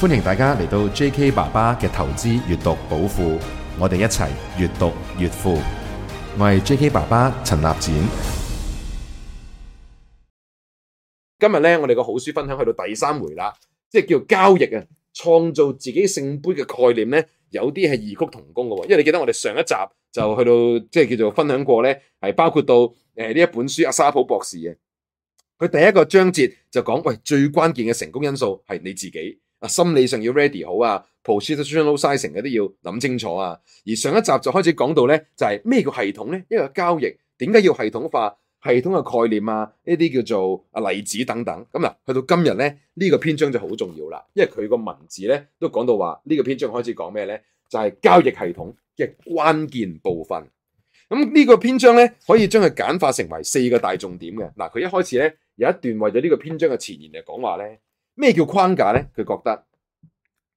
歡迎大家嚟到 J.K. 爸爸嘅投資閱讀寶庫，我哋一齊閱讀越富。我係 J.K. 爸爸陳立展。今日呢，我哋個好書分享去到第三回啦，即係叫交易創造自己聖杯嘅概念呢，有啲係異曲同工，因為你記得我哋上一集就去到即、係、叫做分享過咧，係包括到、呃、這呢一本書阿沙普博士嘅，佢第一個章節就講喂，最關鍵嘅成功因素係你自己。啊，心理上要 ready 好啊 position sizing 嘅都要諗清楚啊。而上一集就開始講到咧，就係咩叫系統咧？因為交易點解要系統化？系統嘅概念啊，呢啲叫做啊例子等等。咁、嗯、嗱，去到今日咧，呢、這個篇章就好重要啦，因為佢個文字咧都講到話，呢、這個篇章開始講咩咧？就係、是、交易系統嘅關鍵部分。咁、嗯、呢、這個篇章咧可以將佢簡化成為四個大重點嘅。嗱、嗯，佢一開始咧有一段為咗呢個篇章嘅前言嚟講話咧。咩叫框架咧？佢覺得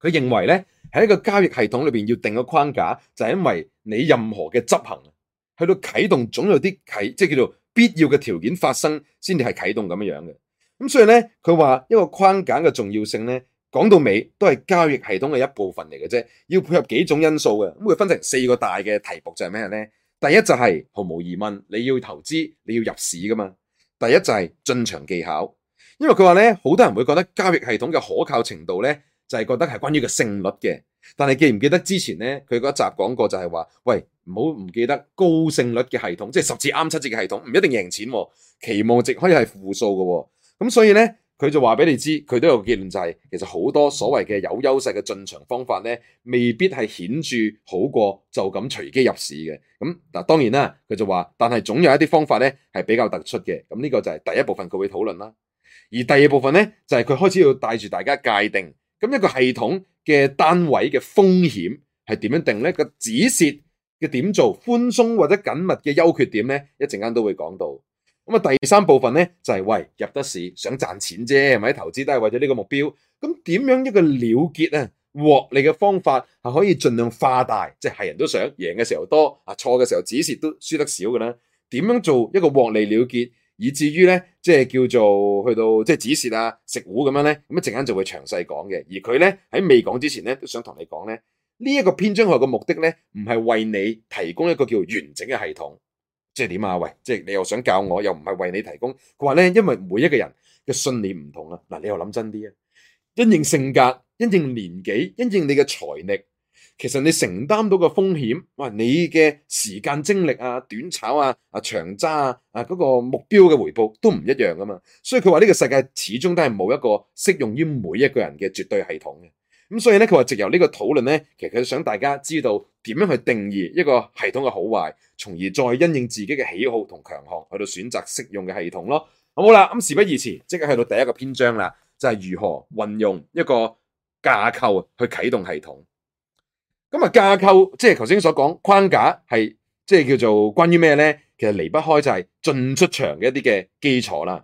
佢認為咧喺一個交易系統裏邊要定個框架，就係因為你任何嘅執行，去到啟動總有啲啟，即係叫做必要嘅條件發生，先至係啟動咁樣樣嘅。咁所以咧，佢話一個框架嘅重要性咧，講到尾都係交易系統嘅一部分嚟嘅啫，要配合幾種因素嘅。咁佢分成四個大嘅題目，就係咩咧？第一就係毫無疑問，你要投資，你要入市噶嘛。第一就係進場技巧。因為佢話咧，好多人會覺得交易系統嘅可靠程度咧，就係、是、覺得係關於個勝率嘅。但係記唔記得之前咧，佢嗰一集講過就係話，喂，唔好唔記得高勝率嘅系統，即係十次啱七次嘅系統，唔一定贏錢、啊，期望值可以係負數嘅、啊。咁所以咧，佢就話俾你知，佢都有個結論就係、是，其實好多所謂嘅有優勢嘅進場方法咧，未必係顯著好過就咁隨機入市嘅。咁嗱，當然啦，佢就話，但係總有一啲方法咧係比較突出嘅。咁呢個就係第一部分佢會討論啦。而第二部分呢，就係、是、佢開始要帶住大家界定，咁一個系統嘅單位嘅風險係點樣定呢？個止蝕嘅點做寬鬆或者緊密嘅優缺點呢一陣間都會講到。咁啊，第三部分呢就係、是、喂，入得市想賺錢啫，係咪？投資都係為咗呢個目標。咁點樣一個了結咧？獲利嘅方法係可以盡量化大，即、就、係、是、人都想贏嘅時候多啊，錯嘅時候止蝕都輸得少噶啦。點樣做一個獲利了結？以至於咧，即係叫做去到即係指示啊食糊咁樣咧，咁一陣間就會詳細講嘅。而佢咧，喺未講之前咧，都想同你講咧，呢一個篇章學嘅目的咧，唔係為你提供一個叫完整嘅系統，即係點啊？喂，即係你又想教我，又唔係為你提供。佢話咧，因為每一個人嘅信念唔同啦。嗱，你又諗真啲啊？因應性格，因應年紀，因應你嘅財力。其實你承擔到個風險，你嘅時間精力啊、短炒啊、啊長揸啊、啊嗰、嗰個目標嘅回報都唔一樣噶嘛，所以佢話呢個世界始終都係冇一個適用於每一個人嘅絕對系統嘅。咁所以咧，佢話藉由呢個討論咧，其實佢想大家知道點樣去定義一個系統嘅好壞，從而再因應自己嘅喜好同強項去到選擇適用嘅系統咯。好啦，咁事不宜遲，即刻去到第一個篇章啦，就係、是、如何運用一個架構去啟動系統。咁啊架構，即係頭先所講框架，係即係叫做關於咩咧？其實離不開就係進出場嘅一啲嘅基礎啦。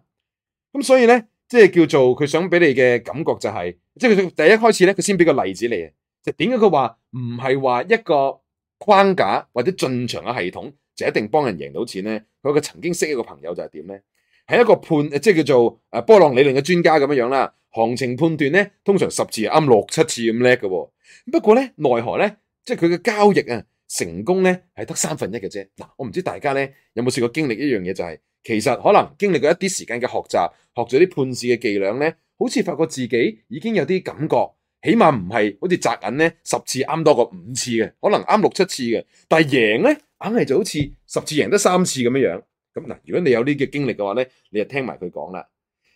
咁所以咧，即係叫做佢想俾你嘅感覺就係，即係佢第一開始咧，佢先俾個例子你啊。就點解佢話唔係話一個框架或者進場嘅系統就一定幫人贏到錢咧？佢佢曾經識一個朋友就係點咧？係一個判，即係叫做誒波浪理論嘅專家咁樣樣啦。行情判斷咧，通常十次啱六七次咁叻嘅。不過咧，奈何咧，即係佢嘅交易啊，成功咧係得三分一嘅啫。嗱，我唔知大家咧有冇試過經歷一樣嘢，就係、是、其實可能經歷過一啲時間嘅學習，學咗啲判市嘅伎倆咧，好似發覺自己已經有啲感覺，起碼唔係好似砸銀咧，十次啱多過五次嘅，可能啱六七次嘅，但係贏咧，硬係就好似十次贏得三次咁樣樣。咁嗱，如果你有呢啲嘅經歷嘅話咧，你就聽埋佢講啦。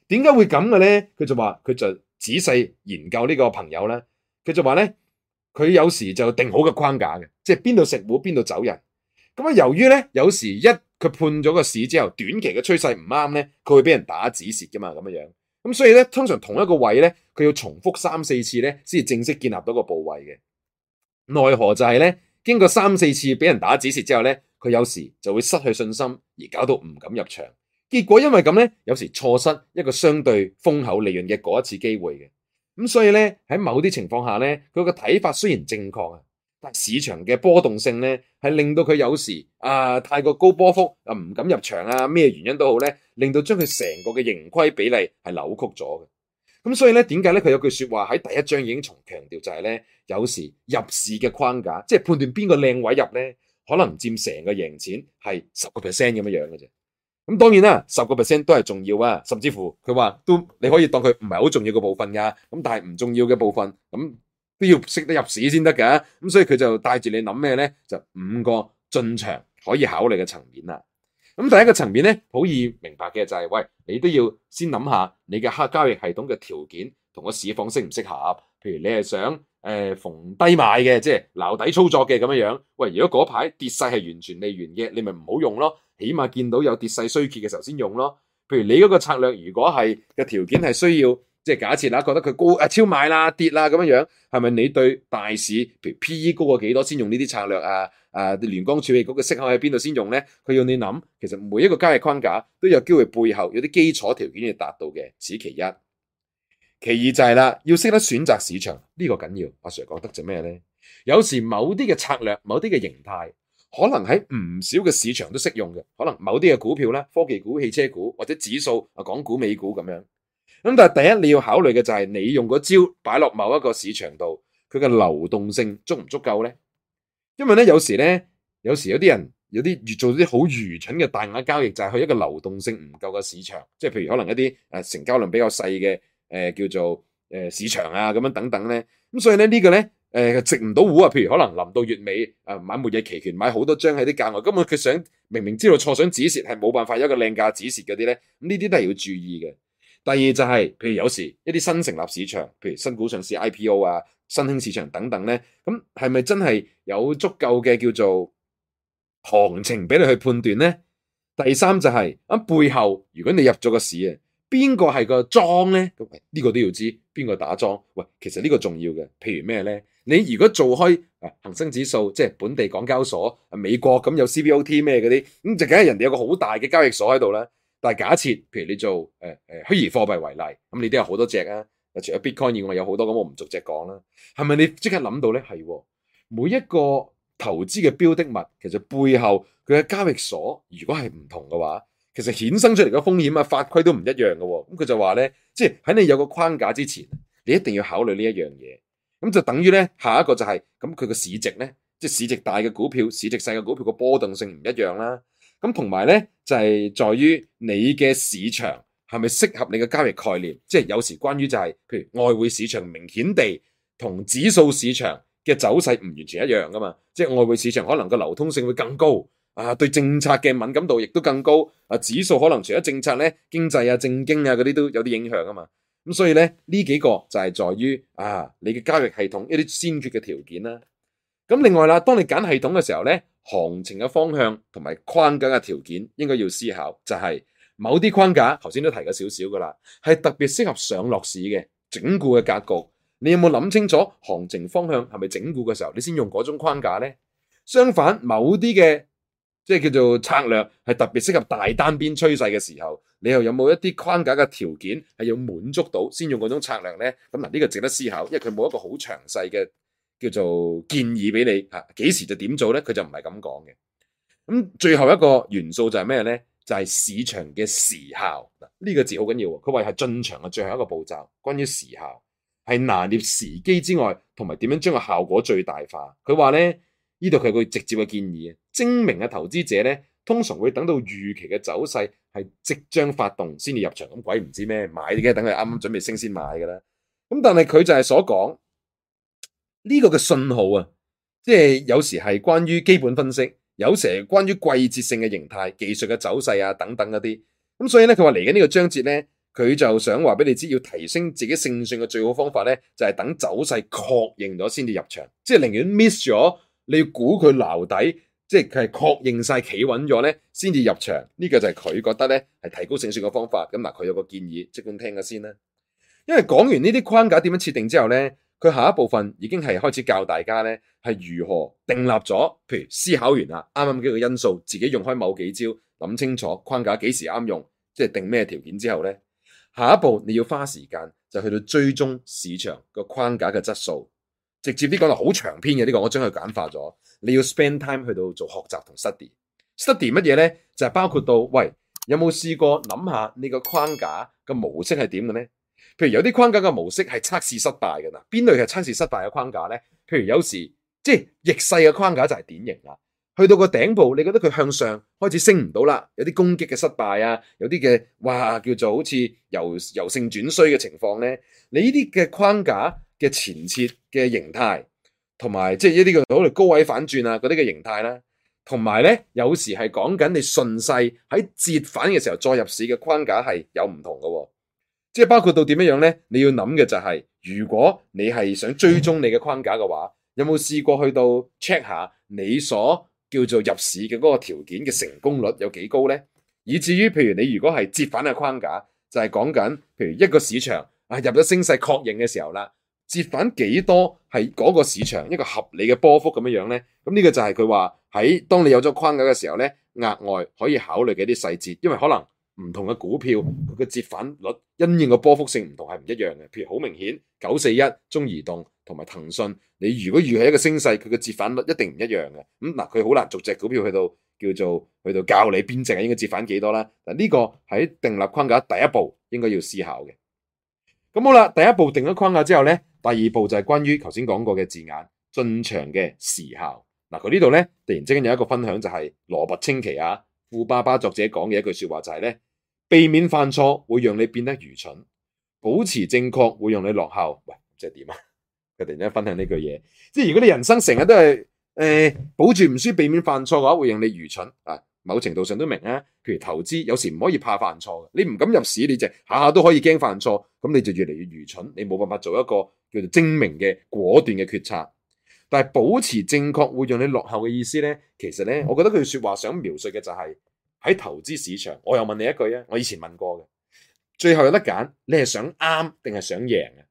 點解會咁嘅咧？佢就話佢就仔細研究呢個朋友咧。佢就話咧，佢有時就定好個框架嘅，即係邊度食糊邊度走人。咁啊，由於咧有時一佢判咗個市之後，短期嘅趨勢唔啱咧，佢會俾人打止蝕噶嘛，咁樣樣。咁所以咧，通常同一個位咧，佢要重複三四次咧，先至正式建立到個部位嘅。奈何就係咧，經過三四次俾人打止蝕之後咧，佢有時就會失去信心。而搞到唔敢入場，結果因為咁呢，有時錯失一個相對豐厚利潤嘅嗰一次機會嘅。咁所以呢，喺某啲情況下呢，佢個睇法雖然正確啊，但市場嘅波動性呢，係令到佢有時啊，太過高波幅啊，唔敢入場啊，咩原因都好呢，令到將佢成個嘅盈虧比例係扭曲咗嘅。咁所以呢，點解呢？佢有句説話喺第一章已經重強調就係呢，有時入市嘅框架，即係判斷邊個靚位入呢。可能唔佔成個贏錢係十個 percent 咁樣樣嘅啫。咁當然啦，十個 percent 都係重要啊。甚至乎佢話都你可以當佢唔係好重要嘅部分㗎。咁但係唔重要嘅部分，咁都要識得入市先得㗎。咁所以佢就帶住你諗咩咧？就五個進場可以考慮嘅層面啦。咁第一個層面咧，好易明白嘅就係，喂，你都要先諗下你嘅黑交易系統嘅條件同個市況適唔適合。譬如你係想。誒、呃，逢低買嘅，即係撈底操作嘅咁樣樣。喂，如果嗰排跌勢係完全未完嘅，你咪唔好用咯。起碼見到有跌勢衰竭嘅時候先用咯。譬如你嗰個策略，如果係嘅條件係需要，即係假設啦，覺得佢高啊超買啦、跌啦咁樣樣，係咪你對大市譬如 P E 高過幾多先用呢啲策略啊？誒、啊，聯邦儲備局嘅適合喺邊度先用咧？佢要你諗，其實每一個交易框架都有機會背後有啲基礎條件要達到嘅，此其一。其二就係、是、啦，要識得選擇市場呢、這個緊要。阿 Sir 講得就咩呢？有時某啲嘅策略、某啲嘅形態，可能喺唔少嘅市場都適用嘅。可能某啲嘅股票啦，科技股、汽車股或者指數啊，港股、美股咁樣。咁但係第一你要考慮嘅就係、是，你用嗰招擺落某一個市場度，佢嘅流動性足唔足夠呢？因為呢，有時呢，有時有啲人有啲越做啲好愚蠢嘅大額交易，就係、是、去一個流動性唔夠嘅市場，即係譬如可能一啲誒成交量比較細嘅。誒、呃，叫做誒、呃、市場啊，咁樣等等咧，咁所以咧呢、呢個咧誒、呃，值唔到股啊，譬如可能臨到月尾啊、呃，買末日期權，買好多張喺啲價外，根本佢想明明知道錯，想止蝕係冇辦法，有一個靚價止蝕嗰啲咧，咁呢啲都係要注意嘅。第二就係、是，譬如有時一啲新成立市場，譬如新股上市 IPO 啊，新興市場等等咧，咁係咪真係有足夠嘅叫做行情俾你去判斷咧？第三就係、是，咁、嗯、背後如果你入咗個市啊。邊個係個莊咧？咁呢個都要知邊個打莊。喂，其實呢個重要嘅。譬如咩咧？你如果做開恒生指數，即係本地港交所、美國咁有 CBOT 咩嗰啲，咁就梗係人哋有個好大嘅交易所喺度啦。但係假設，譬如你做誒誒虛擬貨幣為例，咁你都有好多隻啊。除咗 Bitcoin 以外有，有好多咁，我唔逐隻講啦。係咪你即刻諗到咧？係每一個投資嘅標的物，其實背後佢嘅交易所如果係唔同嘅話。其實衍生出嚟嘅風險啊，法規都唔一樣嘅喎。咁佢就話咧，即係喺你有個框架之前，你一定要考慮呢一樣嘢。咁就等於咧，下一個就係咁佢嘅市值咧，即係市值大嘅股票、市值細嘅股票嘅波動性唔一樣啦。咁同埋咧，就係在於你嘅市場係咪適合你嘅交易概念？即係有時關於就係，譬如外匯市場明顯地同指數市場嘅走勢唔完全一樣噶嘛。即係外匯市場可能個流通性會更高。啊，對政策嘅敏感度亦都更高。啊，指數可能除咗政策咧，經濟啊、政經啊嗰啲都有啲影響啊嘛。咁所以咧，呢幾個就係在於啊，你嘅交易系統一啲先決嘅條件啦、啊。咁另外啦，當你揀系統嘅時候咧，行情嘅方向同埋框架嘅條件應該要思考，就係、是、某啲框架頭先都提過少少噶啦，係特別適合上落市嘅整固嘅格局。你有冇諗清楚行情方向係咪整固嘅時候，你先用嗰種框架呢？相反，某啲嘅。即係叫做策略，係特別適合大單邊趨勢嘅時候，你又有冇一啲框架嘅條件係要滿足到先用嗰種策略呢？咁嗱，呢個值得思考，因為佢冇一個好詳細嘅叫做建議俾你吓，幾時就點做呢？佢就唔係咁講嘅。咁最後一個元素就係咩呢？就係市場嘅時效，呢個字好緊要。佢話係進場嘅最後一個步驟，關於時效係拿捏時機之外，同埋點樣將個效果最大化。佢話呢。呢度佢個直接嘅建議啊，精明嘅投資者咧，通常會等到預期嘅走勢係即將發動先至入場。咁鬼唔知咩買，梗係等佢啱啱準備升先買㗎啦。咁但係佢就係所講呢，這個嘅信號啊，即係有時係關於基本分析，有時係關於季節性嘅形態、技術嘅走勢啊等等嗰啲。咁所以咧，佢話嚟緊呢個章節咧，佢就想話俾你知，要提升自己勝算嘅最好方法咧，就係、是、等走勢確認咗先至入場，即係寧願 miss 咗。你要估佢撈底，即係確認、確認晒，企穩咗呢先至入場。呢、呢個就係佢覺得呢係提高勝算嘅方法。咁嗱，佢有個建議，即管聽下先啦。因為講完呢啲框架點樣設定之後呢，佢下一部分已經係開始教大家呢係如何訂立咗，譬如思考完啦，啱啱幾個因素，自己用開某幾招，諗清楚框架幾時啱用，即係定咩條件之後呢。下一步你要花時間就去到追蹤市場個框架嘅質素。直接啲講到好長篇嘅呢、這個，我將佢簡化咗。你要 spend time 去到做學習同 study。study 乜嘢咧？就係、是、包括到喂，有冇試過諗下呢個框架嘅模式係點嘅咧？譬如有啲框架嘅模式係測試失敗嘅啦邊類係測試失敗嘅框架咧？譬如有時即係逆勢嘅框架就係典型啦。去到個頂部，你覺得佢向上開始升唔到啦，有啲攻擊嘅失敗啊，有啲嘅哇叫做好似由由盛轉衰嘅情況咧，你呢啲嘅框架。嘅前設嘅形態，同埋即係一啲叫所謂高位反轉啊嗰啲嘅形態啦，同埋咧有時係講緊你順勢喺折返嘅時候再入市嘅框架係有唔同嘅，即係包括到點樣樣咧？你要諗嘅就係、是，如果你係想追蹤你嘅框架嘅話，有冇試過去到 check 下你所叫做入市嘅嗰個條件嘅成功率有幾高咧？以至於譬如你如果係折返嘅框架，就係講緊譬如一個市場啊入咗升勢確認嘅時候啦。折返幾多係嗰個市場一個合理嘅波幅咁樣呢？咧？咁呢個就係佢話喺當你有咗框架嘅時候呢，額外可以考慮嘅啲細節，因為可能唔同嘅股票佢嘅折返率、因應嘅波幅性唔同係唔一樣嘅。譬如好明顯，九四一中移動同埋騰訊，你如果預係一個升勢，佢嘅折返率一定唔一樣嘅。咁嗱，佢好難逐隻股票去到叫做去到教你邊隻應該折返幾多啦。嗱，呢個喺定立框架第一步應該要思考嘅。咁好啦，第一步定咗框架之後呢。第二步就係關於頭先講過嘅字眼，進場嘅時效。嗱、啊、佢呢度咧突然之間有一個分享就係羅拔清奇啊，富爸爸作者講嘅一句說話就係、是、咧避免犯錯會讓你變得愚蠢，保持正確會讓你落後。喂，即係點啊？佢突然間分享呢句嘢，即係如果你人生成日都係誒、呃、保住唔輸，避免犯錯嘅話，會讓你愚蠢啊。某程度上都明啊。譬如投資有時唔可以怕犯錯嘅，你唔敢入市，你就下下都可以驚犯錯，咁你就越嚟越愚蠢，你冇辦法做一個。叫做精明嘅果斷嘅決策，但係保持正確會讓你落後嘅意思咧，其實咧，我覺得佢說話想描述嘅就係、是、喺投資市場。我又問你一句啊，我以前問過嘅，最後有得揀，你係想啱定係想贏啊？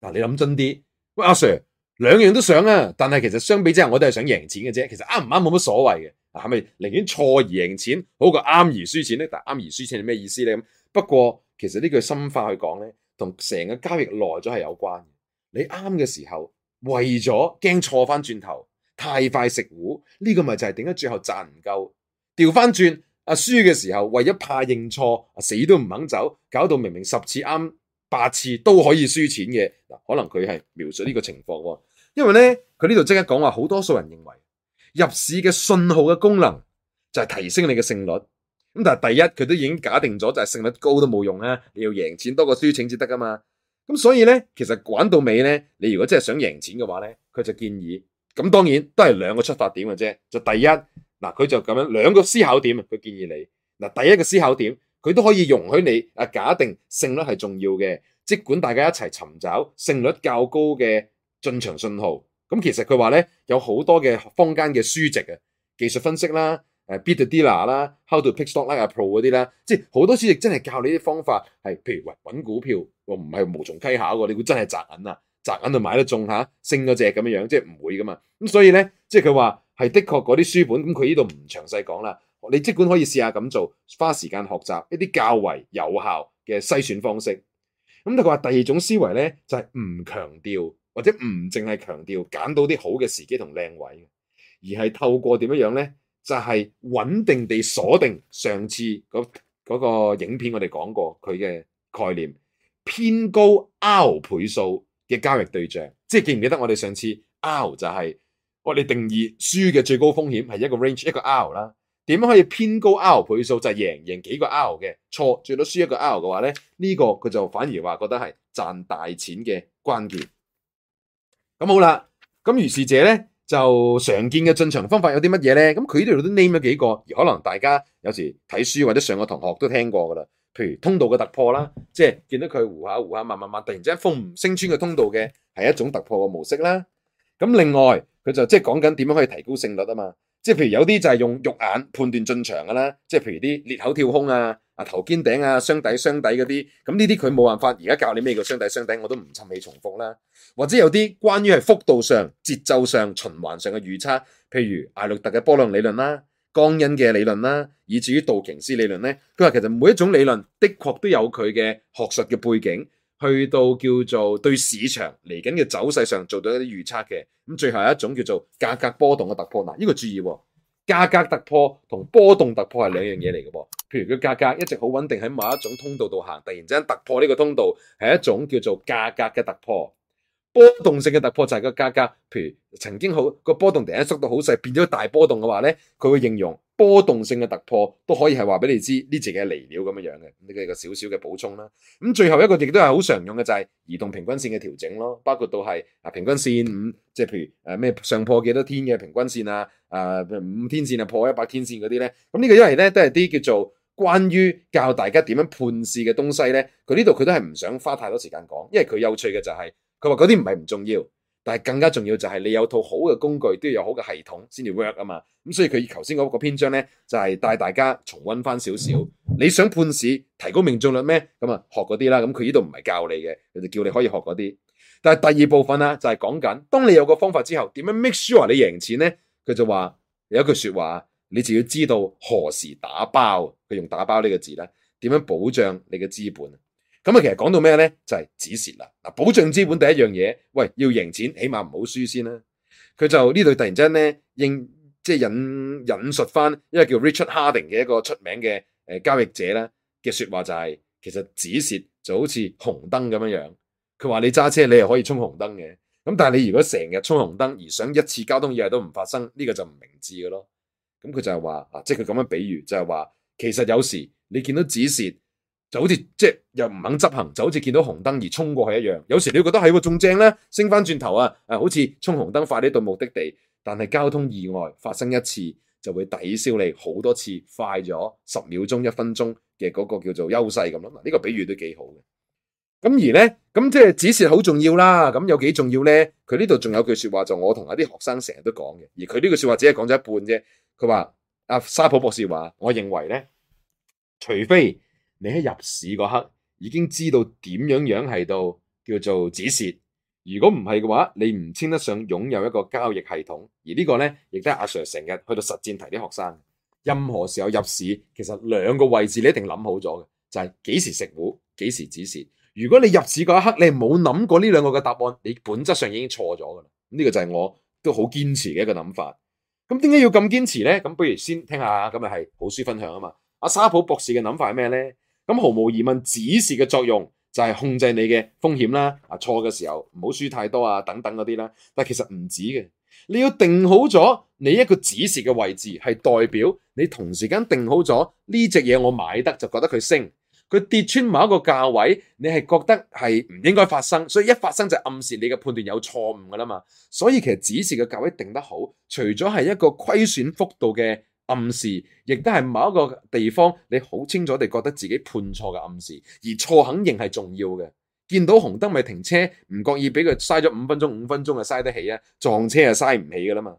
嗱，你諗真啲，喂，阿 Sir 兩樣都想啊，但係其實相比之下，我都係想贏錢嘅啫。其實啱唔啱冇乜所謂嘅，嗱、啊，係咪寧願錯而贏錢，好過啱而輸錢咧？但係啱而輸錢係咩意思咧？咁不過。其實呢句深化去講呢，同成個交易來咗係有關嘅。你啱嘅時候，為咗驚錯翻轉頭，太快食糊，呢個咪就係點解最後賺唔夠，調翻轉啊，輸嘅時候，為咗怕認錯，死都唔肯走，搞到明明十次啱八次都可以輸錢嘅嗱，可能佢係描述呢個情況。因為呢，佢呢度即刻講話，好多數人認為入市嘅信號嘅功能就係提升你嘅勝率。咁但係第一，佢都已經假定咗就係勝率高都冇用啊，你要贏錢多過輸錢先得噶嘛。咁所以咧，其實玩到尾咧，你如果真係想贏錢嘅話咧，佢就建議。咁當然都係兩個出發點嘅啫。就第一，嗱，佢就咁樣兩個思考點，佢建議你嗱，第一個思考點，佢都可以容許你啊假定勝率係重要嘅，即管大家一齊尋找勝率較高嘅進場信號。咁其實佢話咧，有好多嘅坊間嘅書籍啊技術分析啦。誒 Beat the Dealer 啦 How to pick stock like a pro 嗰啲啦，即係好多書亦真係教你啲方法係，譬如喂揾股票，我唔係無從稽考嘅，你估真係賺緊啊，賺緊就買得中下勝嗰隻咁樣樣即係唔會噶嘛。咁所以咧，即係佢話係的確嗰啲書本，咁佢呢度唔詳細講啦。你即管可以試下咁做，花時間學習一啲較為有效嘅篩選方式。咁但係佢話第二種思維咧，就係、是、唔強調或者唔淨係強調揀到啲好嘅時機同靚位，而係透過點樣樣咧？就係、是、穩定地鎖定上次嗰個影片，我哋講過佢嘅概念，偏高 R 倍數嘅交易對象，即係記唔記得我哋上次 R 就係我哋定義輸嘅最高風險係一個 range 一個 R 啦。點可以偏高 R 倍數就係贏贏幾個 R 嘅？錯，最多輸一個 R 嘅話咧？呢、這個佢就反而話覺得係賺大錢嘅關鍵。咁好啦，咁如是者咧。就常見嘅進場方法有啲乜嘢咧？咁佢呢度都 name 咗幾個，而可能大家有時睇書或者上過堂學都聽過噶啦。譬如通道嘅突破啦，即係見到佢胡下胡下，慢慢慢，突然之間封唔升穿嘅通道嘅係一種突破嘅模式啦。咁另外佢就即係講緊點樣可以提高勝率啊嘛。即係譬如有啲就係用肉眼判斷進場噶啦，即係譬如啲裂口跳空啊。啊，頭肩頂，啊雙底雙底嗰啲，咁呢啲佢冇辦法。而家教你咩叫雙底雙底，我都唔趁起重複啦。或者有啲關於係幅度上、節奏上、循環上嘅預測，譬如艾略特嘅波浪理論啦、啊、江恩嘅理論啦、啊，以至於道瓊斯理論咧。佢話其實每一種理論的確都有佢嘅學術嘅背景，去到叫做對市場嚟緊嘅走勢上做到一啲預測嘅。咁最後一種叫做價格波動嘅突破，嗱呢個注意，啊。價格突破同波動突破係兩樣嘢嚟嘅噃，譬如個價格一直好穩定喺某一種通道度行，突然之間突破呢個通道，係一種叫做價格嘅突破；波動性嘅突破就係個價格，譬如曾經好個波動突然間縮到好細，變咗大波動嘅話咧，佢會應用。波動性嘅突破都可以係話俾你知，呢啲嘅嚟料咁樣樣嘅，呢個係個小小嘅補充啦。咁最後一個亦都係好常用嘅就係、是、移動平均線嘅調整咯，包括到係啊平均線五，即係譬如誒咩、呃、上破幾多天嘅平均線啊，啊、呃、五天線啊，破一百天線嗰啲咧。咁呢個因為咧都係啲叫做關於教大家點樣判市嘅東西咧，佢呢度佢都係唔想花太多時間講，因為佢有趣嘅就係佢話嗰啲唔係唔重要。但係更加重要就係你有套好嘅工具，都要有好嘅系統先至 work 啊嘛。咁所以佢頭先嗰個篇章咧，就係帶大家重温翻少少。你想判市提高命中率咩？咁啊學嗰啲啦。咁佢呢度唔係教你嘅，佢就叫你可以學嗰啲。但係第二部分啦，就係講緊，當你有個方法之後，點樣 make sure 你贏錢咧？佢就話有一句說話，你就要知道何時打包。佢用打包呢個字咧，點樣保障你嘅資本？咁啊，其實講到咩咧，就係止蝕啦。嗱，保障資本第一樣嘢，喂，要贏錢，起碼唔好輸先啦。佢就呢度突然間咧，引即係引引述翻一個叫 Richard Harding 嘅一個出名嘅誒、呃、交易者咧嘅說話、就是，就係其實止蝕就好似紅燈咁樣樣。佢話你揸車你係可以衝紅燈嘅，咁但係你如果成日衝紅燈而想一次交通意外都唔發生，呢、這個就唔明智嘅咯。咁佢就係話啊，即係佢咁樣比喻，就係、是、話其實有時你見到止蝕。就好似即係又唔肯執行，就好似見到紅燈而衝過去一樣。有時你會覺得係喎仲正咧，升翻轉頭啊！誒，好似衝紅燈快啲到目的地，但係交通意外發生一次就會抵消你好多次快咗十秒鐘一分鐘嘅嗰個叫做優勢咁咯。嗱，呢個比喻都幾好嘅。咁而呢，咁即係指示好重要啦。咁有幾重要呢？佢呢度仲有句説話，就我同一啲學生成日都講嘅。而佢呢句説話只係講咗一半啫。佢話：阿、啊、沙普博士話，我認為呢，除非。你喺入市嗰刻已經知道點樣樣係到叫做止蝕，如果唔係嘅話，你唔稱得上擁有一個交易系統。而呢個呢，亦都係阿 Sir 成日去到實戰提啲學生的。任何時候入市，其實兩個位置你一定諗好咗嘅，就係幾時食糊，幾時止蝕。如果你入市嗰一刻你冇諗過呢兩個嘅答案，你本質上已經錯咗㗎喇。咁呢個就係我都好堅持嘅一個諗法。咁點解要咁堅持呢？咁不如先聽下，咁又係好書分享啊嘛。阿沙普博士嘅諗法係咩呢？咁毫無疑問，止蝕嘅作用就係控制你嘅風險啦，啊錯嘅時候唔好輸太多啊等等嗰啲啦。但其實唔止嘅，你要定好咗你一個止蝕嘅位置，係代表你同時間定好咗呢隻嘢我買得就覺得佢升，佢跌穿某一個價位，你係覺得係唔應該發生，所以一發生就暗示你嘅判斷有錯誤噶啦嘛。所以其實止蝕嘅價位定得好，除咗係一個虧損幅度嘅。暗示亦都係某一個地方，你好清楚地覺得自己判錯嘅暗示，而錯肯定係重要嘅。見到紅燈咪停車，唔覺意俾佢嘥咗五分鐘，五分鐘就嘥得起啊，撞車啊嘥唔起噶啦嘛。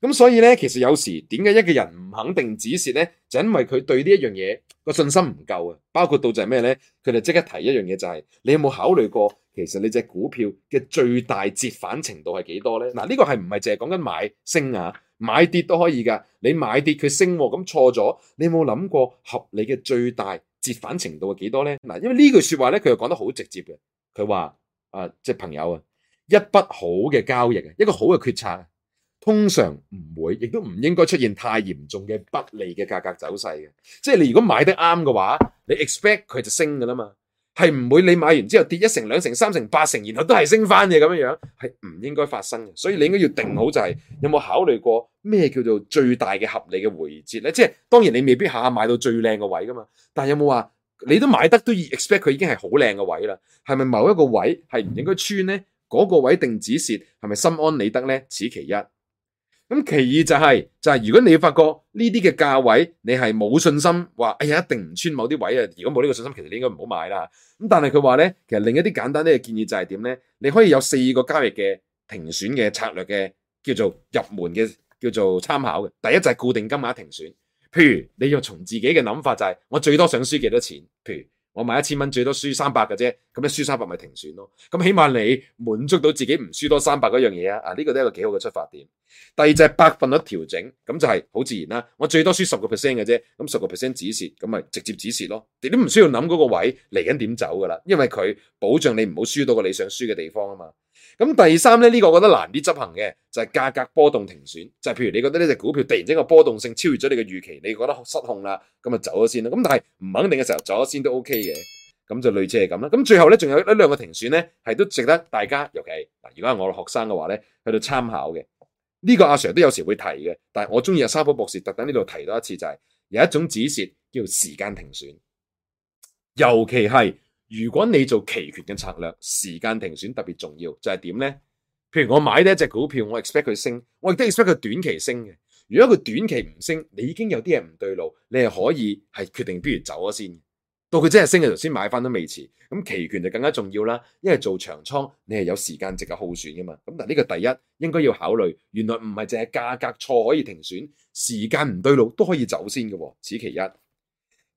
咁所以咧，其實有時點解一個人唔肯定止蝕咧，就是、因為佢對呢一樣嘢個信心唔夠啊。包括到就係咩咧，佢哋即刻提一樣嘢就係、是，你有冇考慮過其實你隻股票嘅最大折返程度係幾多咧？嗱，呢、這個係唔係淨係講緊買升呀？買跌都可以㗎，你買跌佢升，咁錯咗，你有冇諗過合理嘅最大折返程度係幾多呢？嗱，因為呢句說話咧，佢又講得好直接嘅，佢話啊，即係朋友啊，一筆好嘅交易啊，一個好嘅決策，通常唔會，亦都唔應該出現太嚴重嘅不利嘅價格走勢嘅，即係你如果買得啱嘅話，你 expect 佢就升㗎啦嘛。係唔會你買完之後跌一成、兩成、三成、八成，然後都係升翻嘅咁樣樣，係唔應該發生嘅。所以你應該要定好就係有冇考慮過咩叫做最大嘅合理嘅回撤咧？即係當然你未必下下買到最靚嘅位噶嘛，但係有冇話你都買得都 expect 佢已經係好靚嘅位啦？係咪某一個位係唔應該穿咧？嗰個位定止蝕係咪心安理得咧？此其一。咁其二就係，就係如果你發覺呢啲嘅價位，你係冇信心話，哎呀一定唔穿某啲位啊。如果冇呢個信心，其實你應該唔好買啦。咁但係佢話咧，其實另一啲簡單啲嘅建議就係點咧？你可以有四個交易嘅停損嘅策略嘅叫做入門嘅叫做參考嘅。第一就係固定金額停損，譬如你要從自己嘅諗法就係，我最多想輸幾多錢，譬如。我買一千蚊最多輸三百嘅啫，咁咧輸三百咪停損咯。咁起碼你滿足到自己唔輸多三百嗰樣嘢啊！啊、呢、呢個都係一個幾好嘅出發點。第二就係百分率調整，咁就係好自然啦、啊。我最多輸十個 percent 嘅啫，咁十個 percent 止蝕，咁咪直接止蝕咯。你都唔需要諗嗰個位嚟緊點走噶啦，因為佢保障你唔好輸到個你想輸嘅地方啊嘛。咁第三咧，呢、這個我覺得難啲執行嘅就係、是、價格波動停損，就係、是、譬如你覺得呢隻股票突然之間個波動性超越咗你嘅預期，你覺得失控啦，咁啊走咗先啦。咁但係唔肯定嘅時候走咗先都 OK 嘅，咁就類似係咁啦。咁最後咧，仲有一兩個停損咧，係都值得大家尤其，嗱，如果係我學生嘅話咧，喺度參考嘅。呢、這個阿 Sir 都有時會提嘅，但係我中意阿沙普博士特登呢度提多一次、就是，就係有一種止蝕叫時間停損，尤其係。如果你做期權嘅策略，時間停損特別重要，就係點呢？譬如我買呢一隻股票，我 expect 佢升，我亦都 expect 佢短期升嘅。如果佢短期唔升，你已經有啲嘢唔對路，你係可以係決定，不如走咗先，到佢真係升嘅時候先買翻都未遲。咁期權就更加重要啦，因為做長倉你係有時間值嘅耗損噶嘛。咁但呢個第一應該要考慮，原來唔係淨係價格錯可以停損，時間唔對路都可以走先嘅，此其一。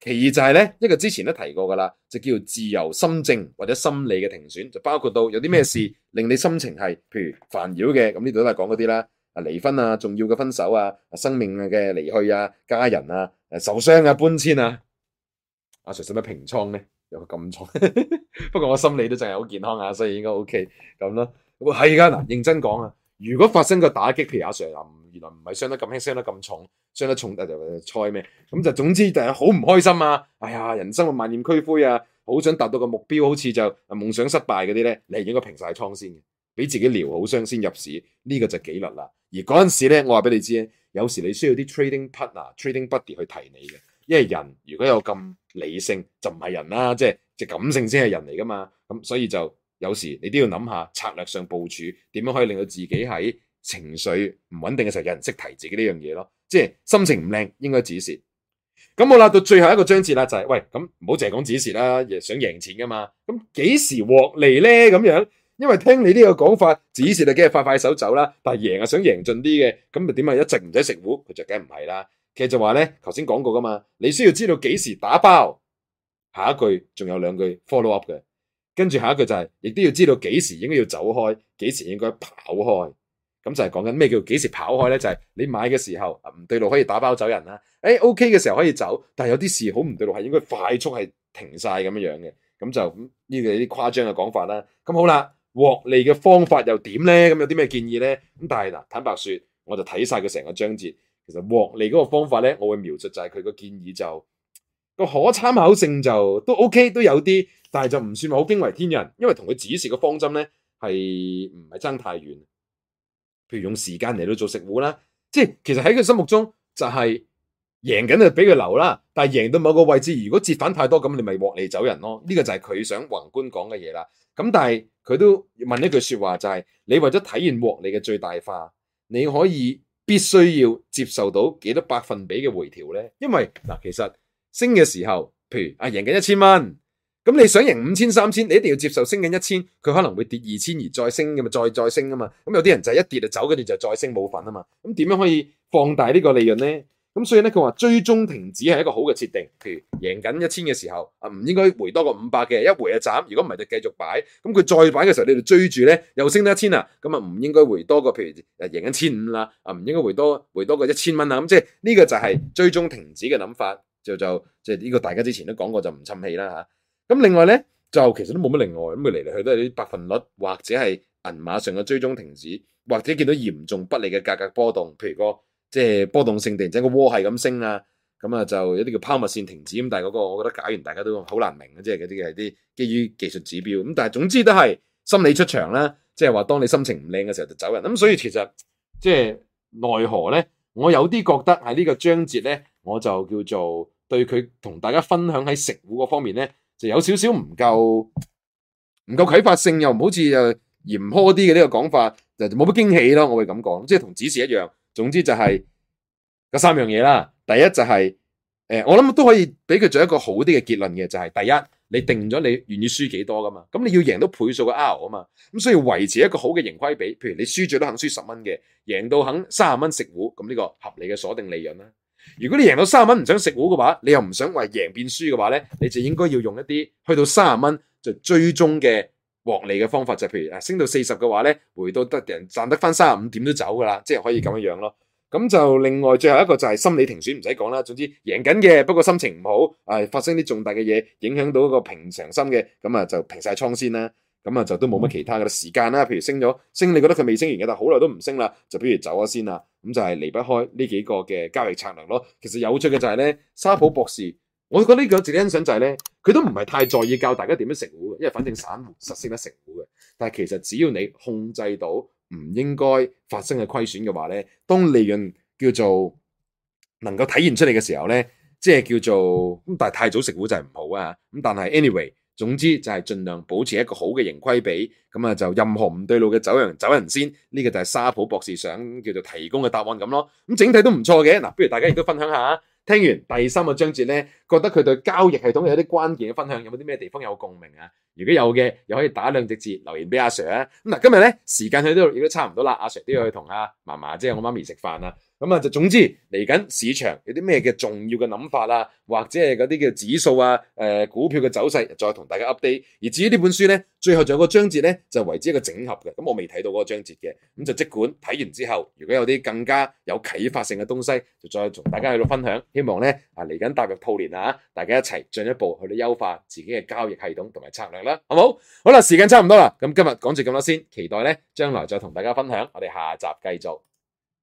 其二就係、是、咧，一個之前都提過噶啦，就叫自由心證或者心理嘅停損，就包括到有啲咩事令你心情係，譬如煩擾嘅，咁呢度都係講嗰啲啦，啊離婚啊，重要嘅分手啊，生命嘅離去啊，家人啊，受傷啊，搬遷啊，阿 Sir 使咩平倉咧？有個咁重， 不過我心理都真係好健康啊，所以應該 OK 咁啦。係噶嗱，認真講啊。如果發生個打擊，譬如阿 Sir 啊，原來唔係傷得咁輕，傷得咁重，傷得咁重，傷得重就就猜咩？咁就總之就係好唔開心啊！哎呀，人生嘅萬念俱灰啊！好想達到個目標，好似就夢想失敗嗰啲咧，你係應該平晒倉先，俾自己療好傷先入市。呢、這個就紀律啦。而嗰陣時咧，我話俾你知，有時你需要啲 trading partner、trading buddy 去提你嘅，因為人如果有咁理性就唔係人啦，即係即感性先係人嚟㗎嘛。咁所以就。有時你都要諗下策略上部署，點樣可以令到自己喺情緒唔穩定嘅時候有人識提自己呢樣嘢咯，即係心情唔靚應該止蝕。咁好啦，到最後一個章節啦，就係喂，咁唔好淨係講止蝕啦，想贏錢噶嘛，咁幾時獲利呢？咁樣？因為聽你呢個講法，止蝕就梗係快快手走啦，但係贏啊，想贏盡啲嘅，咁咪點啊，一直唔使食糊，佢就梗唔係啦。其實就話呢，頭先講過噶嘛，你需要知道幾時打包。下一句仲有兩句 follow up 嘅。跟住下一個就係、是，亦都要知道幾時應該要走開，幾時應該跑開，咁就係講緊咩叫幾時跑開呢？就係、是、你買嘅時候唔對路可以打包走人啦，誒、哎、OK 嘅時候可以走，但係有啲事好唔對路係應該快速係停晒咁樣樣嘅，咁就呢啲誇張嘅講法啦。咁好啦，獲利嘅方法又點呢？咁有啲咩建議呢？咁但係嗱，坦白說，我就睇晒佢成個章節，其實獲利嗰個方法呢，我會描述就係佢個建議就。個可參考性就都 OK，都有啲，但係就唔算好驚為天人，因為同佢指示嘅方針咧係唔係爭太遠。譬如用時間嚟到做食戶啦，即係其實喺佢心目中就係贏緊就俾佢留啦，但係贏到某個位置，如果折返太多咁，你咪獲利走人咯。呢、這個就係佢想宏觀講嘅嘢啦。咁但係佢都問一句說話、就是，就係你為咗體現獲利嘅最大化，你可以必須要接受到幾多百分比嘅回調咧？因為嗱，其實。升嘅時候，譬如啊，贏緊一千蚊，咁你想贏五千、三千，你一定要接受升緊一千，佢可能會跌二千而再升，咁嘛，再再升啊嘛。咁有啲人就一跌就走，跟住就再升冇份啊嘛。咁點樣可以放大呢個利潤咧？咁所以咧，佢話追蹤停止係一個好嘅設定。譬如贏緊一千嘅時候啊，唔應該回多個五百嘅，一回一斬。如果唔係就繼續擺。咁佢再擺嘅時候，你就追住咧，又升得一千啊，咁啊唔應該回多個，譬如誒贏緊千五啦，啊唔應該回多回多個一千蚊啦。咁即係呢個就係追蹤停止嘅諗法。就就即係呢個大家之前都講過，就唔侵氣啦吓，咁、啊、另外咧，就其實都冇乜另外，咁佢嚟嚟去都係啲百分率，或者係銀碼上嘅追蹤停止，或者見到嚴重不利嘅價格波動，譬如個即係波動性突然之間個窩係咁升啊，咁啊就有啲叫拋物線停止咁。但係嗰個，我覺得搞完大家都好難明嘅，即係嗰啲係啲基於技術指標。咁但係總之都係心理出場啦，即係話當你心情唔靚嘅時候就走人。咁所以其實即係奈何咧，我有啲覺得喺呢個章節咧。我就叫做對佢同大家分享喺食糊嗰方面咧，就有少少唔夠唔夠啟發性，又唔好似又嚴苛啲嘅呢個講法，就冇乜驚喜咯。我會咁講，即係同指示一樣。總之就係嗰三樣嘢啦。第一就係、是、誒，我諗都可以俾佢做一個好啲嘅結論嘅，就係、是、第一，你定咗你願意輸幾多噶嘛？咁你要贏到倍數嘅 R 啊嘛，咁所以維持一個好嘅盈虧比。譬如你輸咗都肯輸十蚊嘅，贏到肯三十蚊食糊，咁呢個合理嘅鎖定利潤啦。如果你贏到三十蚊唔想食糊嘅話，你又唔想為贏變輸嘅話咧，你就應該要用一啲去到三十蚊就追蹤嘅獲利嘅方法，就譬如啊升到四十嘅話咧，回到得人賺得翻三十五點都走噶啦，即係可以咁樣樣咯。咁就另外最後一個就係心理停損唔使講啦，總之贏緊嘅，不過心情唔好，啊發生啲重大嘅嘢影響到一個平常心嘅，咁啊就平曬倉先啦。咁啊，就都冇乜其他嘅啦，時間啦，譬如升咗升，你覺得佢未升完嘅，但好耐都唔升啦，就比如走咗先啦。咁就係離不開呢幾個嘅交易策略咯。其實有趣嘅就係、是、咧，沙普博士，我覺得呢個自己欣賞就係、是、咧，佢都唔係太在意教大家點樣食糊，因為反正散戶實先得食糊嘅。但係其實只要你控制到唔應該發生嘅虧損嘅話咧，當利潤叫做能夠體現出嚟嘅時候咧，即係叫做咁，但係太早食糊就係唔好啊。咁但係 anyway。總之就係盡量保持一個好嘅盈虧比，咁啊就任何唔對路嘅走人走人先。呢、這個就係沙普博士想叫做提供嘅答案咁咯。咁整體都唔錯嘅，嗱、啊，不如大家亦都分享下，聽完第三個章節咧，覺得佢對交易系統有啲關鍵嘅分享，有冇啲咩地方有共鳴啊？如果有嘅，又可以打兩隻字留言俾阿 Sir 啊。咁、啊、嗱，今日咧時間去到度亦都差唔多啦，阿 Sir 都要去同阿嫲嫲，即係我媽咪食飯啦。咁啊，就總之嚟緊市場有啲咩嘅重要嘅諗法啊，或者係嗰啲叫指數啊、呃、股票嘅走勢，再同大家 update。而至於呢本書咧，最後仲有個章節咧，就為之一個整合嘅。咁我未睇到嗰個章節嘅，咁就即管睇完之後，如果有啲更加有啟發性嘅東西，就再同大家去到分享。希望咧啊嚟緊踏入兔年啊，大家一齊進一步去到優化自己嘅交易系統同埋策略啦，好冇？好啦，時間差唔多啦，咁今日講住咁多先，期待咧將來再同大家分享，我哋下集繼續。